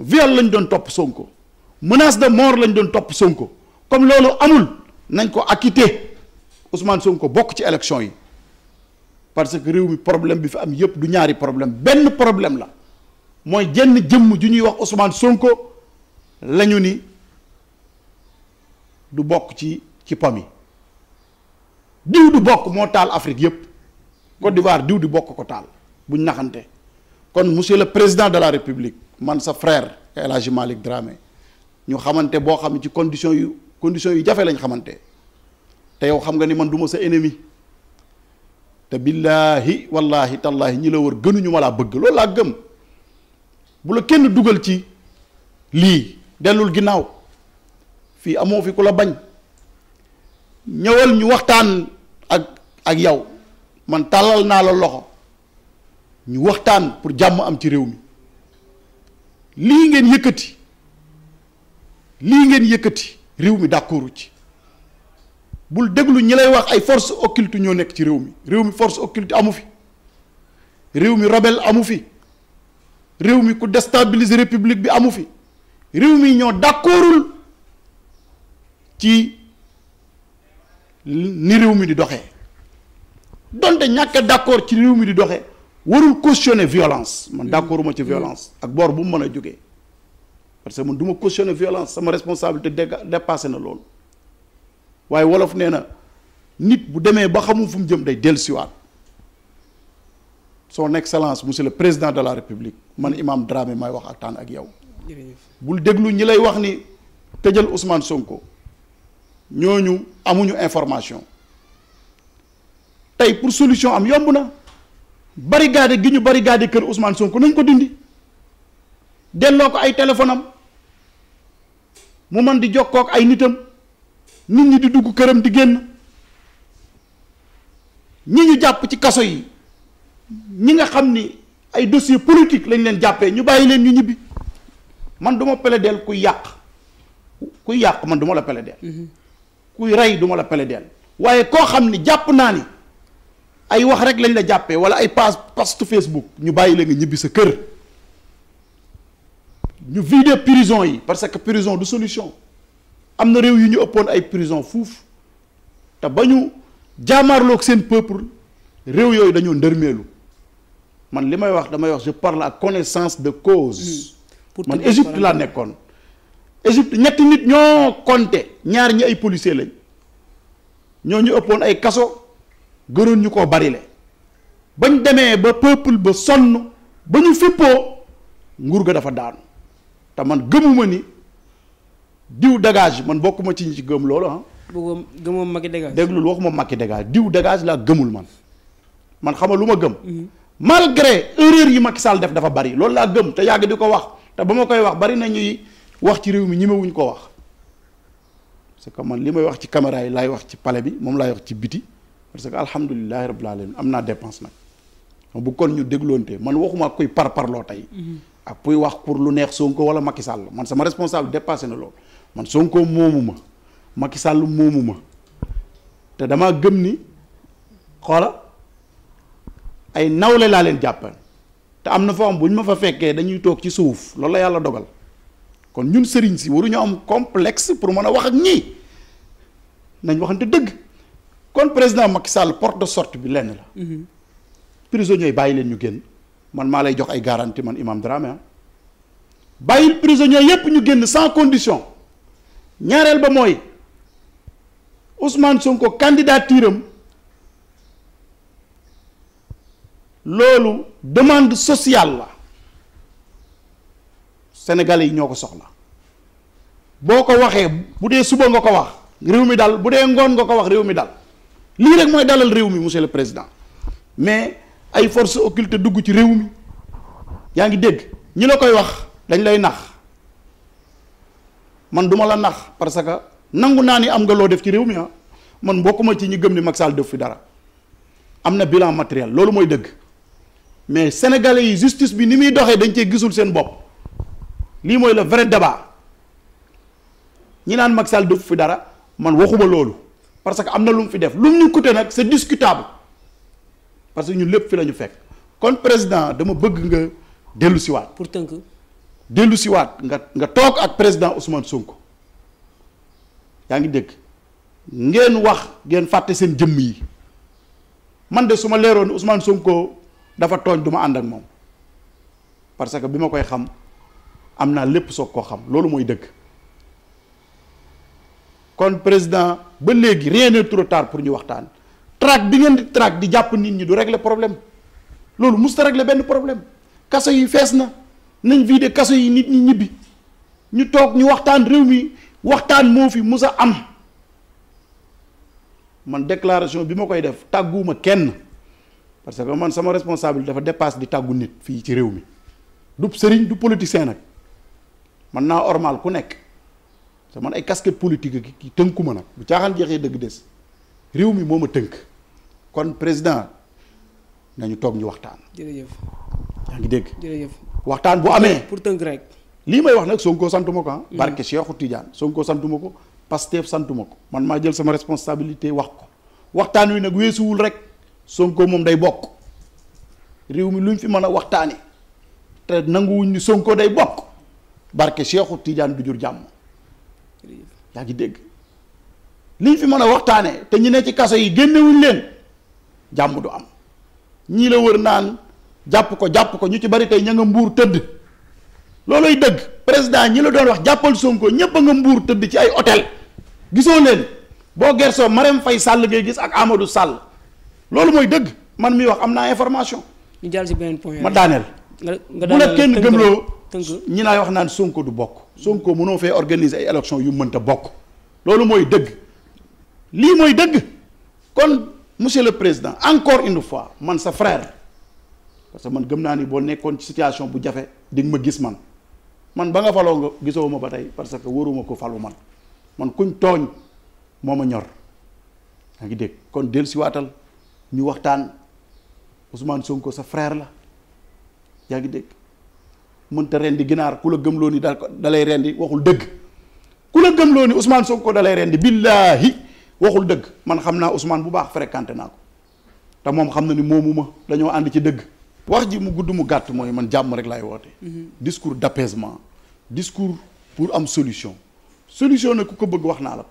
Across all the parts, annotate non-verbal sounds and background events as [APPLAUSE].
viol lañ doon topp Sonko menace de mort lañ doon topp Sonko comme loolu amul nañ ko acquitté Ousmane Sonko bokk ci élection yi parce que réew mi problème bi fi am yëpp du ñaari problème benn problème la mooy jenn jëmm ju ñuy wax Ousmane Sonko lañu ni du bokk ci ci PAM yi diw du bokk moo taal Afrique yëpp Côte d'Ivoire diw di bokk ko taal buñ naxante. kon monsieur le président de la république man sa frère El Hadji Malick Dramé ñu xamante boo xam ci condition yu condition yu jafe lañu xamante te yow xam nga ni man du ma sa ennemi te billaahi wallaahi tallaahi ñi la wër gënuñu ma laa bëgg loolu laa gëm bu la kenn dugal ci lii dellul ginnaaw fii amoo fi ku la bañ ñëwal ñu waxtaan ak ak yow man tàllal naa la loxo ñu waxtaan pour jàmm am ci réew mi lii ngeen yëkkati lii ngeen yëkkati réew mi d'accordu ci bul déglu ñi lay wax ay force occulte ñoo nekk ci réew mi réew mi force occulte amu fi réew mi rebelle amu fi réew mi ku déstabiliser république bi amu fi réew mi ñoo d'accordul ci ni réew mi di doxee donte ñàkk a d'accord ci réew mi di doxee warul cautionner violence man mm. d'accord ma ci mm. violence ak bor bu mu mën a jógee parce que man du ma cautionner violence sama responsabilité dépassé na loolu waaye wolof nee na nit bu demee ba xamul fu mu jëm day dellusiwaat son excellence monsieur le président de la république man imam Dramé may wax ak taan ak yow. bul déglu ñi lay wax ni tëjal Ousmane Sonko ñooñu amuñu information tey pour solution am yomb na. barricade gi ñu barricade kër Ousmane Sonko nañ ko dindi delloo ko ay téléphone mu man di jokkook ay nitam nit ñi di dugg këram di génn ñi ñu jàpp ci kaso yi ñi nga xam ni ay dossier politique lañ leen jàppee ñu bàyyi leen ñu ñibbi man duma ma peledeel kuy yàq kuy yàq man du ma la peledeel mm-hmm. kuy rey du la peledeel waaye koo xam ni jàpp naa ni ay wax rek lañ la jàppee wala ay pass post Facebook ñu bàyyi la nga ñibbi sa kër ñu vider prison yi parce que prison du solution am na réew yu ñu ëppoon ay prison fuuf te ba ñu jaamaarloog seen peuple réew yooyu dañoo ndërmeelu man li may wax damay wax je parle à connaissance de cause hmm. man Égypte laa nekkoon Égypte ñetti nit ñoo compté ñaar ñi ay policier lañ ñoo ñu ëppoon ay kaso gënoon ñu koo bari le bañ demee ba peuple ba sonn ba ñu fippoo nguur ga dafa daanu te man gëmuma ni diw dégage man bokkuma ci ñi ci gëm loolu ah. bëggoon gëmoo Macky dégage. déglul waxuma Macky dégage diw dégage laa gëmul man man xama lu ma gëm. Mhm. malgré erreur yi Macky Sall def dafa bari loolu laa gëm te yàgg di ko wax te ba ma koy wax bari na ñuy wax ci réew mi ñemewuñ ko wax parce que man li may wax ci caméra yi laay wax ci pale bi moom laay wax ci biti. parce que alhamdulilahi rabbil leen am naa dépense nag bu kon ñu dégloonte man waxuma koy par parloo tey mm-hmm. ak kuy wax pour lu neex Sonko wala Macky Sall man sama responsable dépassé na loolu man Sonko moomu ma Macky Sall moomu ma te damaa gëm ni xoola ay nawle laa leen jàppal te am na foo am bu ñu ma fa fekkee dañuy toog ci suuf loolu la yàlla dogal kon ñun sëriñ si waruñu am complexe pour mën a wax ak ñii nañ waxante dëgg kon président Macky Sall porte de sortie bi lenn la. Mhm. prisonniers yi bàyyi leen ñu génn man maa lay jox ay garanti man imam Dramé ah bàyyi prisonniers yépp ñu génn sans condition ñaareel ba mooy Ousmane Sonko candidature am loolu demande sociale la sénégalais yi ñoo ko soxla boo ko waxee bu dee suba nga ko wax réew mi dal bu dee ngoon nga ko wax réew mi dal. lii rek mooy dalal réew mi monsieur le président mais ay force occultes dugg ci réew mi yaa ngi dégg ñi la koy wax dañ lay nax man duma la nax parce que nangu naa ni am nga loo def ci réew mi ah man bokkuma ci ñi gëm ni mag Sall def fi dara am na bilan matériel loolu mooy dëgg mais sénégalais yi justice bi ni muy doxee dañ cee gisul seen bopp lii mooy la vrai débat ñi naan Macky Sall def fi dara man waxuma loolu. parce que am na lu mu fi def lu mu ñu coûté nag c'est discutable parce que ñu lépp fi la fekk kon président dama bëgg nga dellu siwaat pour tënk dellu nga nga toog ak président Ousmane Sonko yaa ngi dégg ngeen wax ngeen fàtte seen jëmm yi man de su ma leeroon ne Ousmane Sonko dafa tooñ du ma ànd ak moom parce que bi ma koy xam am naa lépp soog koo xam loolu mooy dëgg kon président ba léegi rien n'est trop tard pour ñu waxtaan traque bi ngeen di traque di jàpp nit ñi du régler problème loolu musta régler benn problème kaso yi fees na nañ fii de kaso yi nit ñi ñibbi ñu toog ñu waxtaan réew mi waxtaan moo fi musa am man déclaration bi ma koy def tàgguma kenn parce que man sama responsable dafa dépasse di tàggu nit fii ci réew mi du sëriñ du politicien nag man naa ormal ku nekk te man ay casquette politique ki tënku ma nag bu caaxaan jeexee dëgg des réew mi moom a tënk kon président nañu toog ñu waxtaan. jërëjëf. yaa ngi dégg. jërëjëf waxtaan bu amee. pour tënk rek. lii may wax nag Sonko santuma ko ah. Mm. barke Cheikhou Tidiane Sonko santuma ko Pastef santuma ko man maa jël sama responsabilité wax ko waxtaan wi nag weesuwul rek Sonko moom day bokk réew mi luñ fi mën a waxtaanee te nanguwuñ ni Sonko day bokk barke Cheikhou Tidiane du jur jàmm. yaa ngi dégg liñ fi mën a waxtaanee te ñu ne ci kaso yi génnewuñ leen jàmm du am ñii la wër naan jàpp ko jàpp ko ñu ci bari tey ña nga mbuur tëdd loolu looloy dëgg président ñi la doon wax jàppal Sonko ñépp a nga mbuur tëdd ci ay hôtel gisoo leen boo gersoo mu fay sàll ngay gis ak Amadou sàll loolu mooy dëgg man muy wax am naa information. ñu jàll ci beneen point ma daaneel. nga bu la kenn gëmloo ñi laay wax naan sunko du bokk. Sonko mënoo fee organiser ay élection yu mënta bokk loolu mooy dëgg lii mooy dëgg kon monsieur le président encore une fois man sa frair parce que man gëm naa ni boo nekkoon ci situation bu jafe di ma gis man man ba nga faloo nga gisoo ma ba tey parce que wóoruma ko falu man man kuñ tooñ moo ma ñor yaa ngi dégg kon del siwaatal ñu waxtaan Ousmane Sonko sa frair la yaa ngi dégg mënta rendi ginaar ku la loo ni da dalay rendi waxul dëgg ku la gëmloo ni Ousmane Sonko dalay rendi billaahi waxul dëgg man xam naa Ousmane bu baax fréquenté naa ko te moom xam na ni moomu ma dañoo ànd ci dëgg wax ji mu gudd mu gàtt mooy man jàmm rek laay woote mhm. discours d'apaisement discours pour am solution solution nag ku ko bëgg wax naa la ko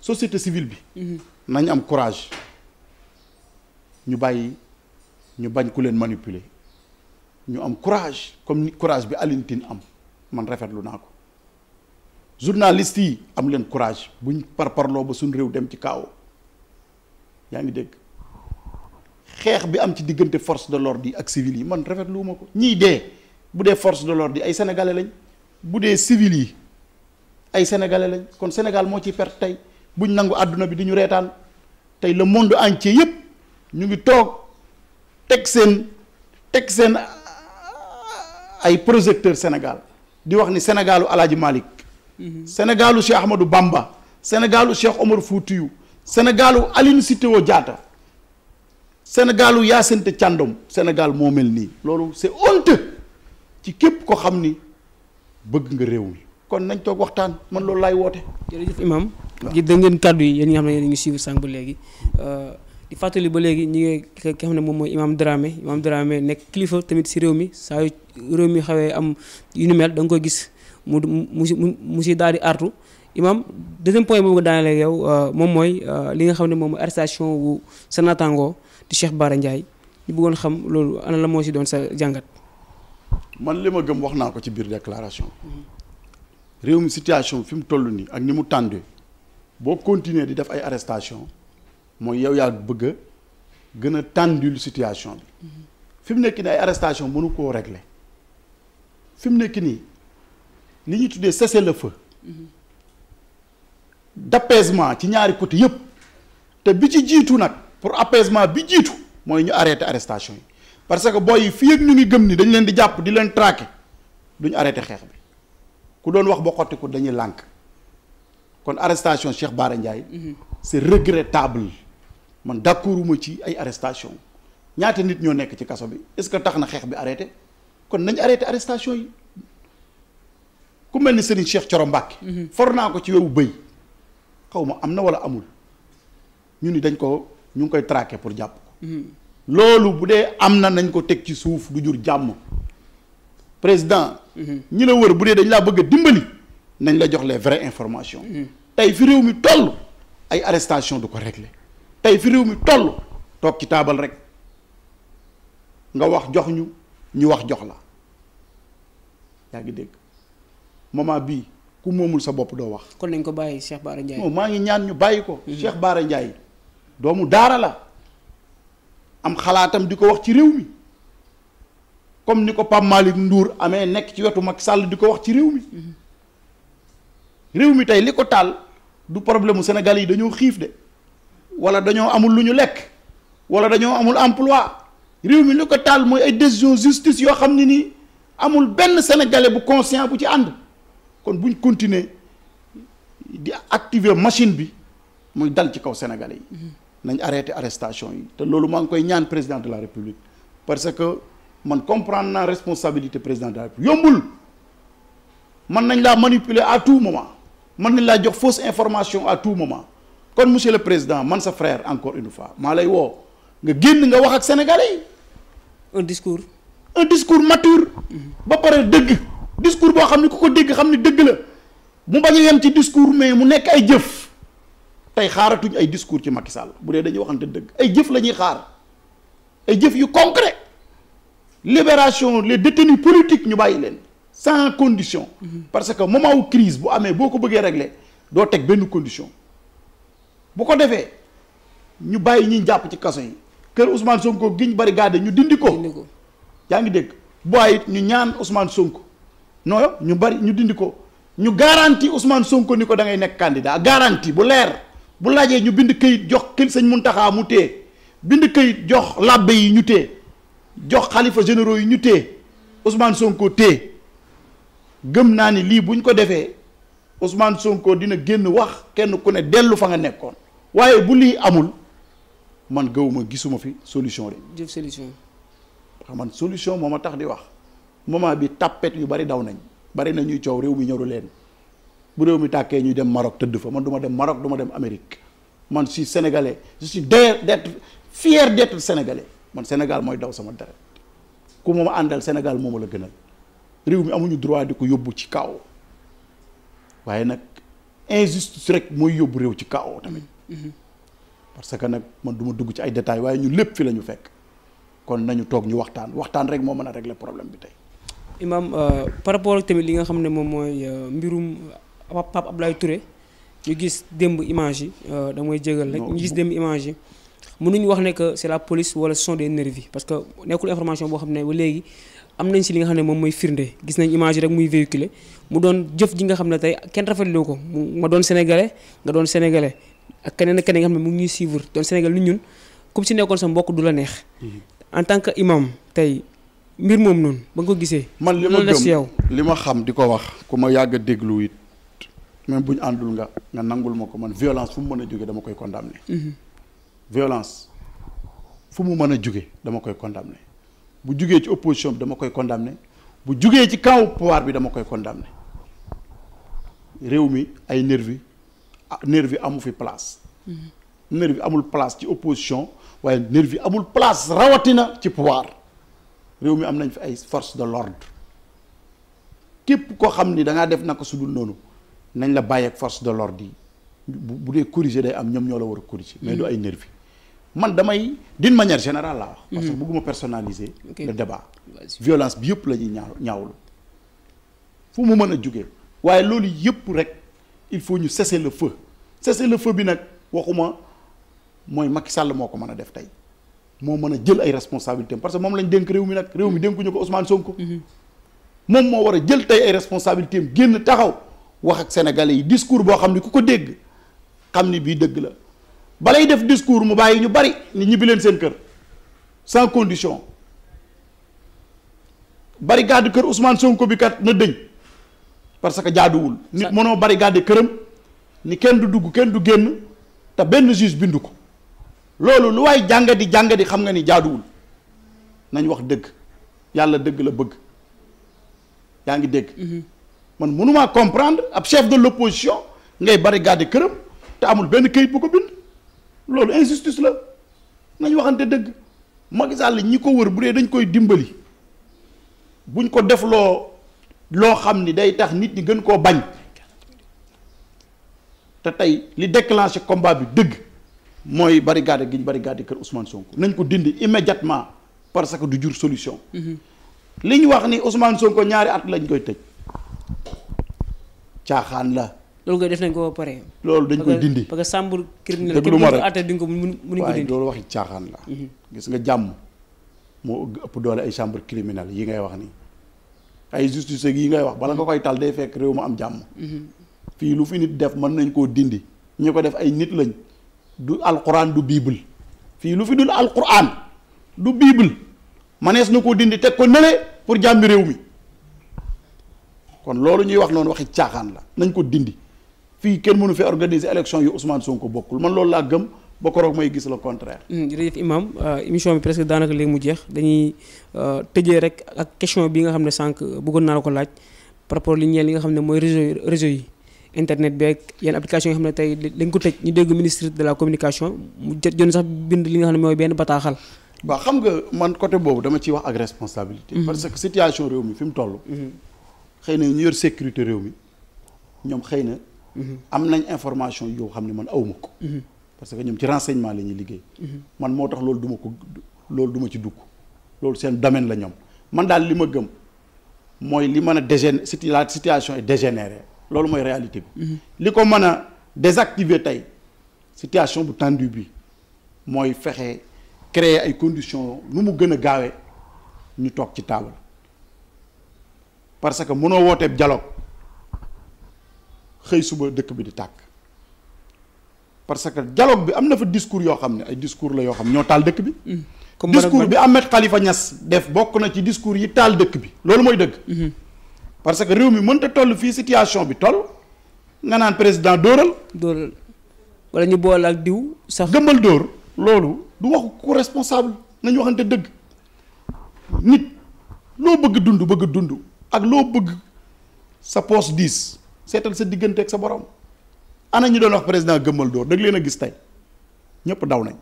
société civile bi mhm. nañ am courage ñu bàyyi ñu bañ ku leen manipuler ñu am courage comme ni courage bi alintin am man rafetlu naa ko journaliste yi am leen courage buñ parparloo ba suñ réew dem ci kaaw yaa ngi dégg xeex bi am ci diggante force de l'ordre yi ak civil yi man rafetlu ma ko ñii dee bu dee force de l'ordre yi ay sénégalais lañ bu dee civil yi ay sénégalais lañ kon Sénégal moo ci perte tey buñ nangu àdduna bi di ñu reetaan tey le monde entier yëpp ñu ngi toog teg seen teg seen. ay projecteur Sénégal di wax ni Sénégalu Alaaji Malick Sénégalu Cheikh Ahmadou Bamba Sénégalu Cheikh Omar Foutiyou Sénégalu Aline jaata Diatta Sénégalu Hyacinthe Thiandoum Sénégal moo mel nii loolu c'est honteux ci képp ko xam ni bëgg nga réew mi kon nañ toog waxtaan man loolu laay woote. jërëjëf imam gi da ngeen kàddu yi yéen ñi xam ne yéen a ngi suivre sànq ba léegi. Euh, di fàttali ba léegi ñi ngi ki xam ne moom mooy Imaam Dramé Imaam Dramé nekk kilifa tamit si réew mi saa yu réew mi xawee am yu ni mel da koy gis mu mu mu si daal di artu Imaam deuxième point boobu daaneel yow euh, moom mooy euh, li xam ne moom arrestation wu sa naataango Cheikh Bara Ndiaye ñu xam loolu la moo si doon sa jàngat. man li ma gëm wax naa ko ci biir déclaration réew mi situation fi mu toll nii ak ni mu tàndee boo continuer di def ay arrestation mooy yow yaa bëgg gën a tendul situation bi fi mu nekk nii ay arrestation mënu koo regle fi mu nekk nii li ñuy tuddee cessez le feu d'apaisement ci ñaari côté yëpp te bi ci jiitu nag pour apaisement bi jiitu mooy ñu arrêté arrestation yi parce que booy yi fii ñu ngi gëm ni dañ leen di jàpp di leen traqué ñu arrêté xeex bi ku doon wax ba xotti ko dañuy lànk kon arrestation Cheikh Bara Ndiaye mhm. c'est regrettable man d'accorduma ci ay arrestation ñaata nit ñoo nekk ci kaso bi est-ce que tax na xeex bi arrêté kon nañ arrêté arrestation yi ku mel ni Serigne Cheikh coro Mbacké mhm. for naa ko ci wewu bëy xaw ma am na wala amul ñu ni dañ ko ñu ngi koy traqué pour jàpp ko mhm. loolu bu dee am na nañ ko teg ci suuf du jur jàmm président mhm. ñi la wër bu dee dañ laa bëgg a dimbali nañ la jox les vraies informations tey fi réew mi toll ay arrestation du ko régle tey fi réew mi toll toog ci taabal rek nga wax jox ñu ñu wax jox la yaa ngi dégg moment bii ku moomul sa bopp doo wax. kon nañ ko bàyyi Cheikh Bara Ndiaye. non maa ngi ñaan ñu bàyyi ko. Mhm. Cheikh Bara Ndiaye doomu daara la am xalaatam di ko wax ci réew mi comme ni ko Pape Malick amee nekk ci wetu mag sàll di ko wax ci réew mi mhm. réew mi tey li ko taal du problème mu Sénégal yi dañoo xiif de. wala dañoo amul lu ñu lekk wala dañoo amul emploi réew mi lu ko taal mooy ay décision justice yoo xam ne nii amul benn sénégalais bu conscient bu ci ànd kon buñ continuer di activer machine bi muy dal ci kaw sénégalais yi mm-hmm. nañ arrêté arrestation yi te loolu maa ngi koy ñaan président de la république parce que man comprendre naa responsabilité président de la république yombul mën nañ laa manipuler à tout moment mën nañ laa jox fausse information à tout moment kon monsieur le président man sa frère encore une fois maa lay woo nga génn nga wax ak sénégalais yi. un discours. un discours mature. Mm-hmm. ba pare dëgg. discours boo xam ne ku ko dégg xam ne dëgg la mu bañ a yem ci discours mais mu nekk ay jëf tey xaaratuñ ay discours ci Macky Sall bu dee dañuy waxante dëgg ay jëf la ñuy xaar ay jëf yu concret libération les détenus politiques ñu bàyyi leen sans condition. Mm-hmm. parce que moment wu crise bu amee boo ko bëggee régler doo teg benn condition. bu ko defee ñu bàyyi ñuy jàpp ci kaso yi kër Ousmane Sonko giñ bari gàdde ñu dindi ko. dindi yaa ngi dégg bu ñu ñaan Ousmane Sonko non ñu bari ñu dindi ko ñu garanti Ousmane Sonko ni ko da ngay nekk candidat garanti bu leer bu laajee ñu bind këyit jox kil sëñ Muntaxa mu téye bind këyit jox labbe yi ñu téye jox xalifa généraux yi ñu téye Ousmane Sonko téye gëm naa ni lii buñ ko defee usmaan Sonko dina génn wax kenn ku ne dellu fa nga nekkoon. waaye bu lii amul man gëwuma gisuma fi solution de solution man solution moom a tax di wax moment bi tappet yu bari daw nañ bari na ñuy coow réew mi ñoru leen bu réew mi tàkkee ñuy dem Maroc tëdd fa man du dem Maroc du dem Amérique man si sénégalais je suis fier d'être fier d'être sénégalais man Sénégal mooy daw sama deret ku mooma àndal Sénégal mooma la gënal réew mi amuñu droit di ko yóbbu ci kaw waaye nag injustice rek mooy yóbbu réew ci kaw tamit Mhm. parce que nag man du ma dugg ci ay détails waaye ñu lépp fi la ñu fekk kon nañu toog ñu waxtaan waxtaan rek moo mën a régler problème bi tey. Imaam euh, par rapport tamit li nga xam ne moom mooy euh, mbirum Pape Abdoulaye ture ñu gis démb image yi euh, damay jégal rek ñu gis démb image yi. ñu wax ne que c'est la police wala ce sont des nervis parce que nekkul information boo xam ne ba léegi am nañ si li nga xam ne moom mooy firnde gis nañ image rek muy véhiculé mu doon jëf ji nga xam ne tey kenn rafetlu ko ma doon sénégalais nga doon ak keneen ak keneen nga xam ne mu ngi ñuy suivre doon Sénégal lu ñun comme si nekkoon sa mbokk du la neex. Mhm. en tant que imam tey mbir moom noonu ba nga ko gisee. man li ma gëm li ma xam di ko wax ku ma yàgg a déglu it même bu ñu àndul nga nga nangul ma ko man violence fu mu mën a jóge dama koy condamner. Mhm. violence fu mu mën a jóge dama koy condamner bu jógee ci opposition bi dama koy condamner bu jógee ci kaw pouvoir bi dama koy condamner réew mi ay nervi Ah, nervi amu fi place. nervi amul place ci opposition waaye nervi amul place rawatina ci pouvoir réew mi am nañ fi ay force de l'ordre képp koo xam ni dangaa ngaa def naka su dul noonu nañ la bàyyeek force de l'ordre yi bu bu dee corriger day am ñoom ñoo la war a corriger. mais du ay nervi man damay d'une manière générale laa wax. parce que mm. bëgguma personnaliser. Okay. le débat violence bi yëpp la ñuy ñaaw ñaawlu fu mu mën a jugee waaye loolu yëpp rek. il faut ñu cesser la feu cesser la feu bi nag waxuma mooy Macky Sall moo ko mën a def tey moo mën a jël ay responsabilités parce que moom lañ dénk réew mi nag réew mi dénkuñu ko Ousmane Sonko. Mhm. moom moo war a jël tey ay responsabilités am génn taxaw wax ak sénégalais yi discours boo xam ni ku ko dégg xam ni bii dëgg la balay def discours mu bàyyi ñu bari ni ñibbi leen seen kër sans condition bari gàddu kër Ousmane Sonko bi kat na dëñ. parce que jaaduwul. nit mënoo bari gàdde këram ni kenn du dugg kenn du génn te benn juge bindu ko loolu lu waay jàngadi jàngadi xam nga ni jaaduwul nañ wax dëgg yàlla dëgg la bëgg yaa ngi dégg. Mhm. man mënumaa comprendre ab chef de l'opposition ngay bari gàdde këram te amul benn këyit bu ko bind loolu injustice la nañ waxante dëgg Macky Sall ñi ko wër bu dee dañ koy dimbali buñ ko defloo. loo xam ni day tax nit ñi gën koo bañ te tey li déclenché combat bi dëgg mooy barricade gi ñu barricade kër Ousmane Sonko nañ ko dindi immédiatement parce que du jur solution. Mm-hmm. li wax ni Ousmane Sonko ñaari at lañ koy tëj caaxaan la. loolu koy def nañ ko ba pare. loolu dañ koy dindi parce que chambre criminelle képp ko àtte duñ ko mun mun ko dindi loolu waxi caaxaan la. Mm-hmm. gis nga jàmm moo ëpp doole ay chambre criminelle yi ngay wax nii. ay justice yi ngay wax bala nga koy tal day fekk réew mu am jàmm. fii lu fi nit def mën nañ koo dindi ñu ko def ay nit lañ du alquran du bible fii lu fi dul alquran du bible manees na koo dindi teg ko nële pour jàmmi réew mi kon loolu ñuy wax noonu waxi caaxaan la nañ ko dindi fii kenn mënu fi organiser élection yu Ousmane ko bokkul man loolu laa gëm. ba koroog may gis le contraire. Hmm, jërëjëf Imaam euh, émission bi presque daanaka léegi mu jeex dañuy euh, tëjee rek ak question bi nga xam ne sànq bëggoon naa ko laaj par rapport li li nga xam ne mooy réseau réseau yi internet bi ak yenn application yi ne tey dañ ko tëj ñu dégg ministre de la communication mu jot sax bind li nga xam ne mooy benn bataaxal. waaw xam nga man côté boobu dama ciy wax ak responsabilité. Hmm. parce que situation réew mi fi mu toll. Hmm. xëy na ñu yor sécurité réew mi ñoom xëy na. am nañ information yoo xam ne man awma ko. parce que ñoom ci renseignement la ñuy liggéey. Mhm. man moo tax loolu du ko loolu du ci dugg loolu seen domaine la ñoom man daal li ma gëm mooy li mën a dégéné la situation est dégénérée loolu mooy réalité bi. Mhm. li ko mën a désactiver tey situation bu tendue bi mooy fexe créer ay conditions nu mu gën a gaawee ñu toog ci taabal parce que munoo wooteeb dialogue xëy suba dëkk bi di tàkk. parce que dialogue bi am na fa discours yoo xam ne ay discours la yoo xam ñoo taal dëkk bi. Mm-hmm. comme discours bi Ahmed Khalifa Niass def bokk na ci discours yi taal dëkk bi loolu mooy dëgg. Mm-hmm. parce que réew mi mënta toll fii situation bi toll nga naan président dóoral. dóoral wala ñu boole ak diw sax. gëmbal dóor loolu du waxu ku responsable nañu waxante dëgg nit loo bëgg dund bëgg dund ak loo bëgg sa poos diis seetal sa diggante ak sa borom. ana ñu doon wax président gëmmal dóor dag leen a gis tey ñëpp daw nañ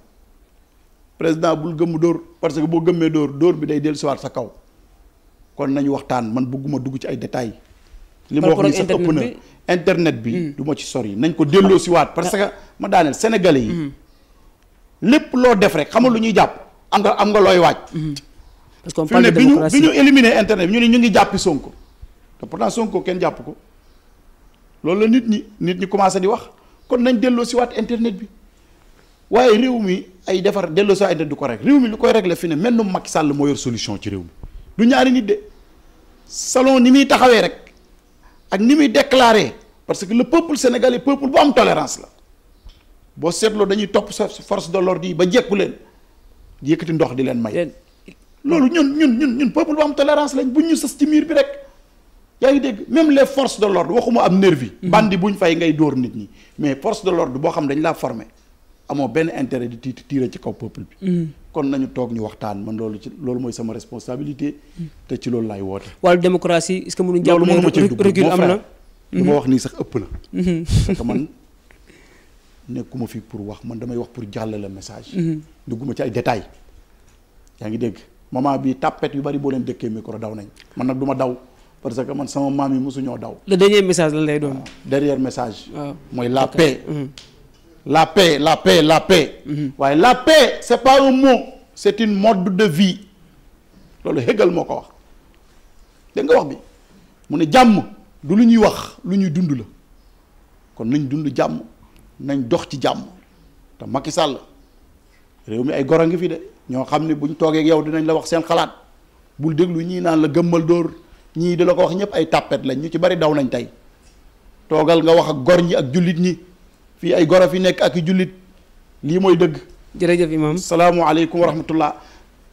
président bul gëmm dóor parce que boo gëmmee dóor dóor bi day siwaat sa kaw kon nañu waxtaan man bëgguma dugg ci ay détails li ma wax ni sax ëpp na internet bi hmm. du ma ci yi nañ ko delloo siwaat parce que ma daaneel sénégalais yi hmm. lépp loo def rek xamal lu ñuy jàpp am nga am nga looy waaj hmm. parce que bi ñu bi ñu éliminé internet bi ñu ne ñu ngi Sonko te pourtant kenn jàpp ko loolu la nit ñi nit ñi commencé di wax kon nañ delloo si waat internet bi waaye réew mi ay defar delloo si waat internet du ko rek réew mi lu koy régler fi ne mel noonu Macky Sall moo yor solution ci réew mi du ñaari nit de salon ni muy taxawee rek ak ni muy déclaré parce que le peuple sénégalais peuple bu am tolérance la boo seetloo dañuy topp sa force de l'ordre yi ba jekku leen yëkkati ndox di leen may loolu ñun ñun ñun ñun peuple bu am tolérance lañ buñ ñu sës ci miir bi rek yaa ngi dégg même les forces de l'ordre waxuma am nervi mhm. bandi buñ fay ngay dóor nit ñi mais force de lord boo xam dañ laa formé amoo benn intérêt di tiit tiire ci kaw peuple bi mhm. kon nañu toog ñu waxtaan man loolu ci loolu mooy sama responsabilité mhm. te ci loolu laay woote wàllu démocratie est-ce que mënuñ jàpp ne recul am na li ma wax nii sax ëpp na parce que man [LAUGHS] nekkuma fii pour wax man damay wax pour jàllale message dugguma ci ay détails yaa ngi dégg moment bi tàppet yu bari boo leen dëkkee micro daw nañ man nag du daw parce que man sama maam yi mosuñoo daw. le dernier message lan lay doon. dernier message. mooy mm-hmm. la paix. la paix la paix la mm-hmm. paix. waaye la paix c'est pas un mot. c'est une mode de vie. loolu Hegel moo ko wax dégg nga wax bi mu ne jàmm du lu ñuy wax lu ñuy dund la kon nañ dund jàmm nañ dox ci jàmm te Macky Sall réew mi ay goro ngi fii de ñoo xam ne buñ toogee yow dinañ la wax seen xalaat bul déglu ñii naan la gëmmal dóor. ñii di la ko wax ñëpp ay tàppet lañ ñu ci bari daw nañ tey toogal nga wax ak gor ñi ak jullit ñi fii ay goro fi nekk ak i jullit lii mooy dëgg. jërëjëf imam salaamualeykum wa rahmatullah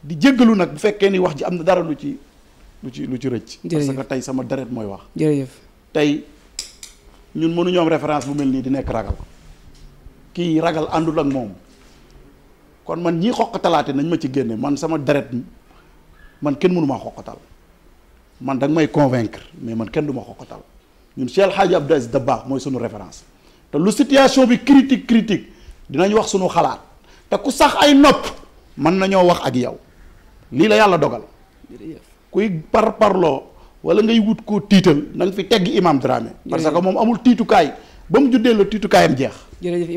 di jéggalu nag bu fekkee ni wax ji am na dara lu ci lu ci lu ci rëcc. parce que tey sama deret mooy wax. jërëjëf tey ñun mënuñoo am référence bu mel nii di nekk ragal kii ragal àndul ak moom kon man ñii talaate nañ ma ci génne man sama deret man kenn mënu maa xoqatal. man da nga may convaincre mais man kenn du ma xoxotal ñun Cheikh El Hadji Abdou Aziz Dabakh mooy sunu référence te lu situation bi critique critique dinañ wax sunu xalaat te ku sax ay nopp mën nañoo wax ak yow lii la yàlla dogal kuy par parloo wala ngay wut koo tiital na fi tegg imam Dramé parce que moom amul tiitukaay ba mu juddee la tiitukaayam jeex